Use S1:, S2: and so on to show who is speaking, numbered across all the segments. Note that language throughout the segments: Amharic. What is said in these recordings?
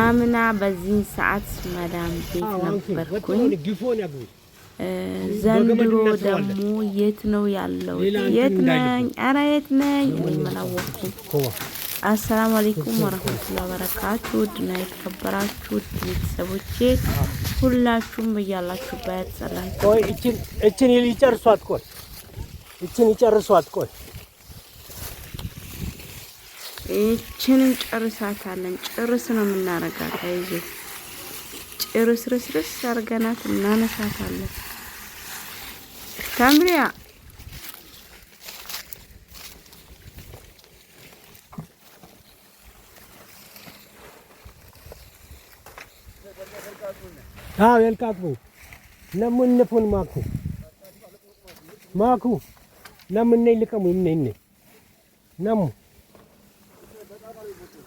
S1: አምና በዚህን ሰዓት መዳም ቤት ነበርኩኝ። ዘንድሮ ደግሞ የት ነው ያለው? የት ነኝ? አረ የት ነኝ? እኔ መላወቅኩም። አሰላሙ አሌይኩም ወረህመቱላ በረካቱ። ውድና የተከበራችሁ ውድ ቤተሰቦቼ ሁላችሁም በያላችሁበት ሰላም።
S2: እችን ይጨርሷት፣ ቆይ እችን ይጨርሷት፣ ቆይ
S1: ይችንን ጨርሳታለን። ጭርስ ነው የምናረጋት። አይዞ ርስርስ አርገናት እናነሳታለን። ታምሪያ
S2: አዎ የልቃቁ ለምን ንፉን ማኩ ማኩ ለምን ነይ ልቀሙ ነይ ነሙ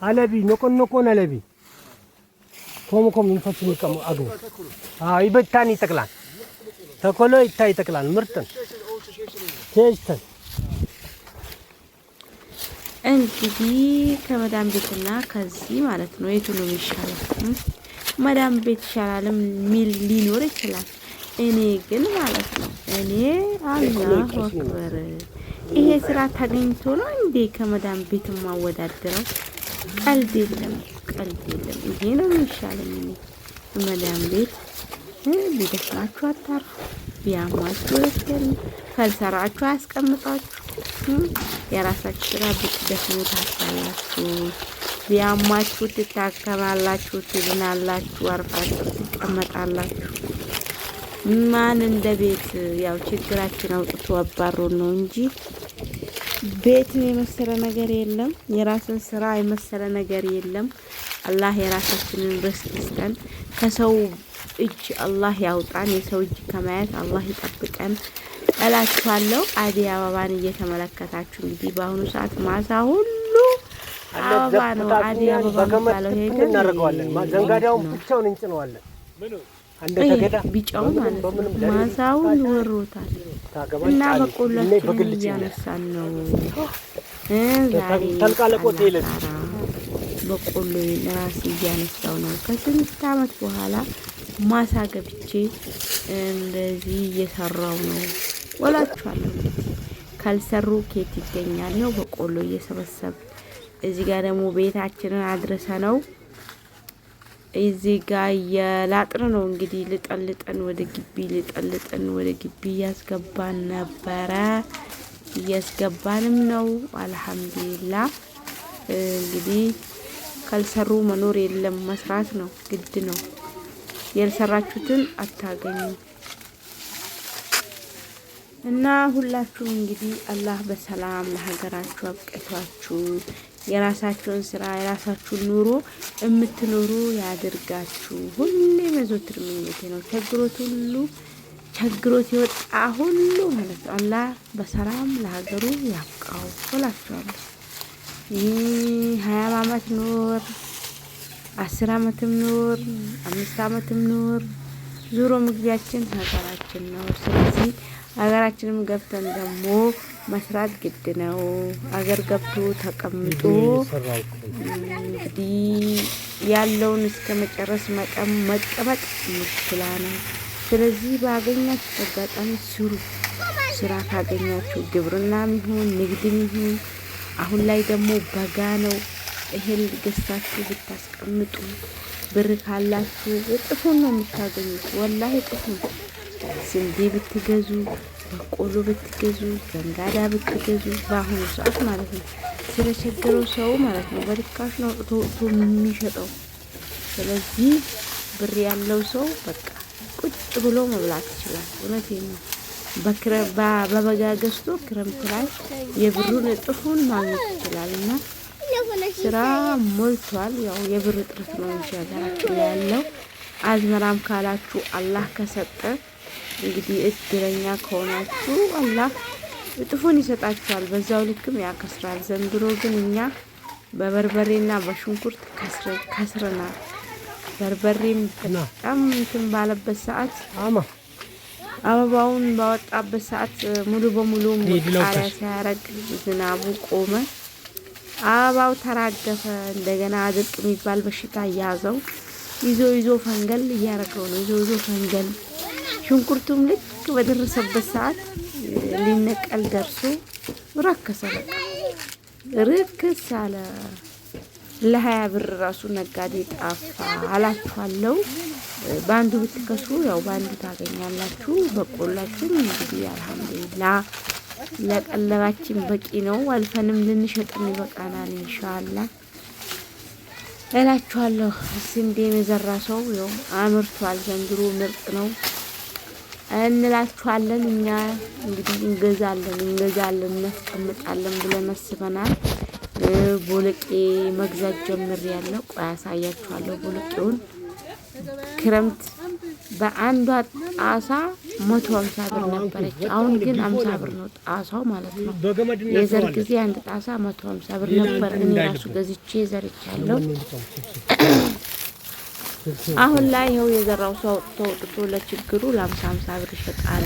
S2: አለቢ ነቆነቆን አለቢ ኮምኮም ይንፈስም ይቀሙ አግቡ አዎ ይበታን ይጠቅላል ተኮሎ ይታይ ይጠቅላል ምርጥን ቴጅተን
S1: እንግዲህ ከመዳም ቤትና ከዚህ ማለት ነው የቱ ነው የሚሻለው? መዳም ቤት ይሻላልም ሚል ሊኖር ይችላል። እኔ ግን ማለት ነው እኔ አላህ አክበር ይሄ ስራ ተገኝቶ ነው እንዴ ከመዳም ቤት ማወዳደረው? ቀልብ የለም፣ ቀልብ የለም። ይሄ ነው የሚሻለኝ። እኔ መዳም ቤት ቢደክማችሁ አታርፉ፣ ቢያማችሁ ወስደን ካልሰራችሁ አያስቀምጣችሁ። የራሳችሁ ስራ ብትደክሙ ታርፋላችሁ፣ ቢያማችሁ ትታከማላችሁ፣ ትድናላችሁ፣ አርፋችሁ ትቀመጣላችሁ። ማን እንደ ቤት ያው ችግራችን አውጥቶ አባሮን ነው እንጂ ቤትን የመሰለ ነገር የለም። የራስን ስራ የመሰለ ነገር የለም። አላህ የራሳችንን ርስቅ ይስጠን። ከሰው እጅ አላህ ያውጣን። የሰው እጅ ከማየት አላህ ይጠብቀን እላችኋለሁ። አደይ አበባን እየተመለከታችሁ እንግዲህ በአሁኑ ሰዓት ማሳ ሁሉ አበባ ነው። አደይ አበባ የሚባለው ሄደን
S2: እናደርገዋለን። ዘንጋዳውን ብቻውን እንጭነዋለን።
S1: ቢጫው ማለት ነው። ማሳ ሁሉ ወሮታል። እና በቆሏችንን እያነሳን ነው። በቆሎ ራሴ እያነሳው ነው። ከስንት አመት በኋላ ማሳ ገብቼ እንደዚህ እየሰራው ነው ወላችኋለሁ። ካልሰሩ ኬት ይገኛል በቆሎ እየሰበሰብ እዚህ ጋር ደግሞ ቤታችንን አድረሰ ነው እዚህ ጋ የላጥር ነው እንግዲህ ልጠልጠን ወደ ግቢ ልጠልጠን ወደ ግቢ እያስገባን ነበረ። እያስገባንም ነው። አልሐምዱሊላ እንግዲህ ካልሰሩ መኖር የለም መስራት ነው ግድ ነው። ያልሰራችሁትን አታገኙ እና ሁላችሁም እንግዲህ አላህ በሰላም ለሀገራችሁ አብቅቷችሁ የራሳችሁን ስራ የራሳችሁን ኑሮ የምትኖሩ ያድርጋችሁ። ሁሌ መዞትር ምኞቴ ነው። ቸግሮት ሁሉ ቸግሮት የወጣ ሁሉ ማለት ነው አላህ በሰላም ለሀገሩ ያብቃው እላችኋለሁ። ሀያም አመት ኖር አስር አመትም ኖር አምስት አመትም ኖር ዙሮ ምግቢያችን ሀገራችን ነው። ስለዚህ ሀገራችንም ገብተን ደግሞ መስራት ግድ ነው። አገር ገብቶ ተቀምጦ እንግዲህ ያለውን እስከ መጨረስ መቀመጥ ሙሽክላ ነው። ስለዚህ በአገኛችሁ አጋጣሚ ስሩ። ስራ ካገኛችሁ ግብርናም ይሁን ንግድም ይሁን አሁን ላይ ደግሞ በጋ ነው። እህል ገዝታችሁ ብታስቀምጡ ብር ካላችሁ እጥፉን ነው የምታገኙት። ወላሂ እጥፉን ስንዴ ብትገዙ፣ በቆሎ ብትገዙ፣ ዘንጋዳ ብትገዙ በአሁኑ ሰዓት ማለት ነው። ስለቸገረው ሰው ማለት ነው በርካሽ ነው ተወጥቶ የሚሸጠው። ስለዚህ ብር ያለው ሰው በቃ ቁጭ ብሎ መብላት ይችላል። እውነት ነው። በበጋ ገዝቶ ክረምት ላይ የብሩን እጥፉን ማግኘት ይችላል እና ስራ ሞልቷል። ያው የብር እጥረት ነው እንጂ ሀገራችን ያለው አዝመራም ካላችሁ አላህ ከሰጠ እንግዲህ እድለኛ ከሆናችሁ አላህ እጥፉን ይሰጣችኋል፣ በዛው ልክም ያከስራል። ዘንድሮ ግን እኛ በበርበሬና በሽንኩርት ከስረናል። በርበሬም በጣም እንትን ባለበት ሰዓት አበባውን ባወጣበት ሰዓት ሙሉ በሙሉ ቃሪያ ሲያረግ ዝናቡ ቆመ፣ አበባው ተራገፈ። እንደገና አድርቅ የሚባል በሽታ እያዘው ይዞ ይዞ ፈንገል እያረገው ነው። ይዞ ይዞ ፈንገል ሽንኩርቱም ልክ በደረሰበት ሰዓት ሊነቀል ደርሶ ረከሰ። በቃ ርክስ አለ። ለሀያ ብር ራሱ ነጋዴ ጣፋ አላችኋለሁ። በአንዱ ብትከሱ ያው በአንዱ ታገኛላችሁ። በቆላችን እንግዲህ አልሐምዱሊላ ለቀለባችን በቂ ነው። አልፈንም ልንሸጥም ይበቃናል እንሻላ እላችኋለሁ። ስንዴ የዘራ ሰው ያው አምርቷል። ዘንድሮ ምርጥ ነው። እንላችኋለን። እኛ እንግዲህ እንገዛለን እንገዛለን እናስቀምጣለን ብለን አስበናል። ቦለቄ መግዛት ጀምሬያለሁ። ቆይ አሳያችኋለሁ ቦለቄውን። ክረምት በአንዷ ጣሳ መቶ አምሳ ብር ነበረች። አሁን ግን አምሳ ብር ነው ጣሳው ማለት ነው። የዘር ጊዜ አንድ ጣሳ መቶ አምሳ ብር ነበር። እኔ ራሱ ገዝቼ ዘርቻለሁ። አሁን ላይ ይኸው የዘራው ሰው ተወጥቶ ለችግሩ ለአምሳ አምሳ ብር ይሸጣል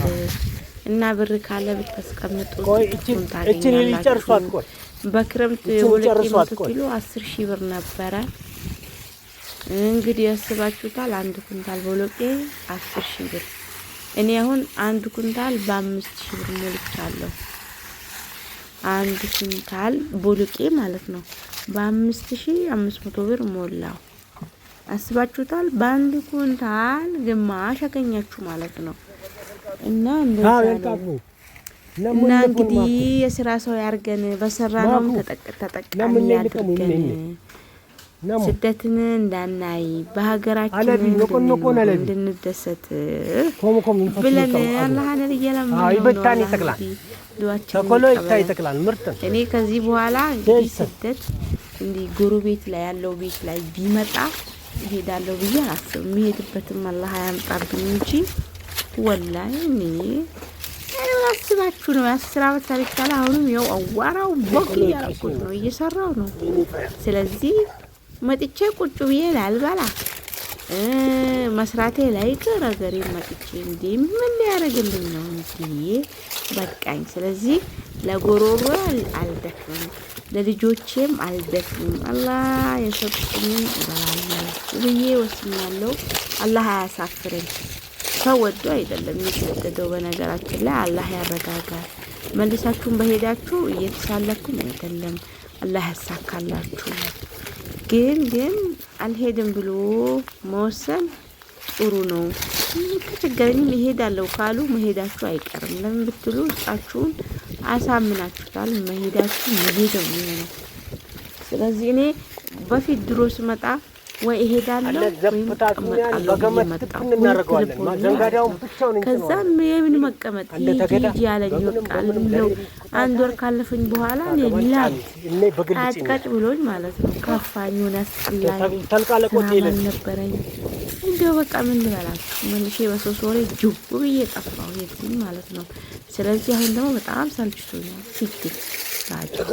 S1: እና ብር ካለ ብታስቀምጡ
S2: ታገኛላችሁ።
S1: በክረምት ሁለት ኪሎ አስር ሺህ ብር ነበረ። እንግዲህ ያስባችሁታል። አንድ ኩንታል ቦሎቄ አስር ሺህ ብር። እኔ አሁን አንድ ኩንታል በአምስት ሺህ ብር ሞልቻለሁ። አንድ ኩንታል ቦሎቄ ማለት ነው። በአምስት ሺህ አምስት መቶ ብር ሞላው። አስባችሁታል? በአንድ ኩንታል ግማሽ አገኛችሁ ማለት ነው። እና
S2: እና እንግዲህ
S1: የስራ ሰው ያርገን፣ በሰራ ነው ተጠቃሚ ያድርገን። ስደትን እንዳናይ በሀገራችን እንድንደሰት ብለን አላህን እየለመን እኔ ከዚህ በኋላ እንግዲህ ስደት እንዲህ ጎረቤት ላይ ያለው ቤት ላይ ቢመጣ እሄዳለሁ ብዬ አላስብም። የሚሄድበትም አላህ አያምጣብኝ እንጂ ወላሂ እኔ አስባችሁ ነው የአስር አመት ታሪክ ካለ አሁንም ያው አዋራው ቦክ እያልኩት ነው እየሰራው ነው። ስለዚህ መጥቼ ቁጭ ብዬ ላልበላ መስራቴ ላይ ቀረገሬ መጥቼ እንዲ ምን ሊያደርግልኝ ነው እንዲ በቃኝ። ስለዚህ ለጎሮሮ አልደክምም። ለልጆቼም አልደፍም አላህ የሰጡኝን እበላለሁ ብዬ ወስኛለሁ። አላህ አያሳፍረኝ። ሰው ወዶ አይደለም የሚሰደደው። በነገራችን ላይ አላህ ያረጋጋል። መልሳችሁን በሄዳችሁ እየተሳለኩም አይደለም። አላህ ያሳካላችሁ። ግን ግን አልሄድም ብሎ መወሰን ጥሩ ነው። ከቸገረኝም እሄዳለሁ ካሉ መሄዳችሁ አይቀርም። ለምን ብትሉ ውስጣችሁን አሳምናችሁታል። መሄዳችሁ መሄድ ነው የሚሆነው። ስለዚህ እኔ በፊት ድሮ ስመጣ ወይ እሄዳለሁ ወይም እቀመጣለሁ። የምን መቀመጥ ሂጂ ያለኝ ይወቃል ብለው አንድ ወር ካለፈኝ በኋላ ላት አጭቃጭ ብሎኝ ማለት ነው ከፋኝ፣ ሆነ አስጠላኝ፣ ሰላም አልነበረኝ። እንዲያው በቃ ምን ልበላችሁ መልሼ በሶስት ወሬ ጅቡ ብዬ ጠፋሁ የዚህ ማለት ነው። ስለዚህ አሁን ደግሞ በጣም ሰልችቶኛል ፊት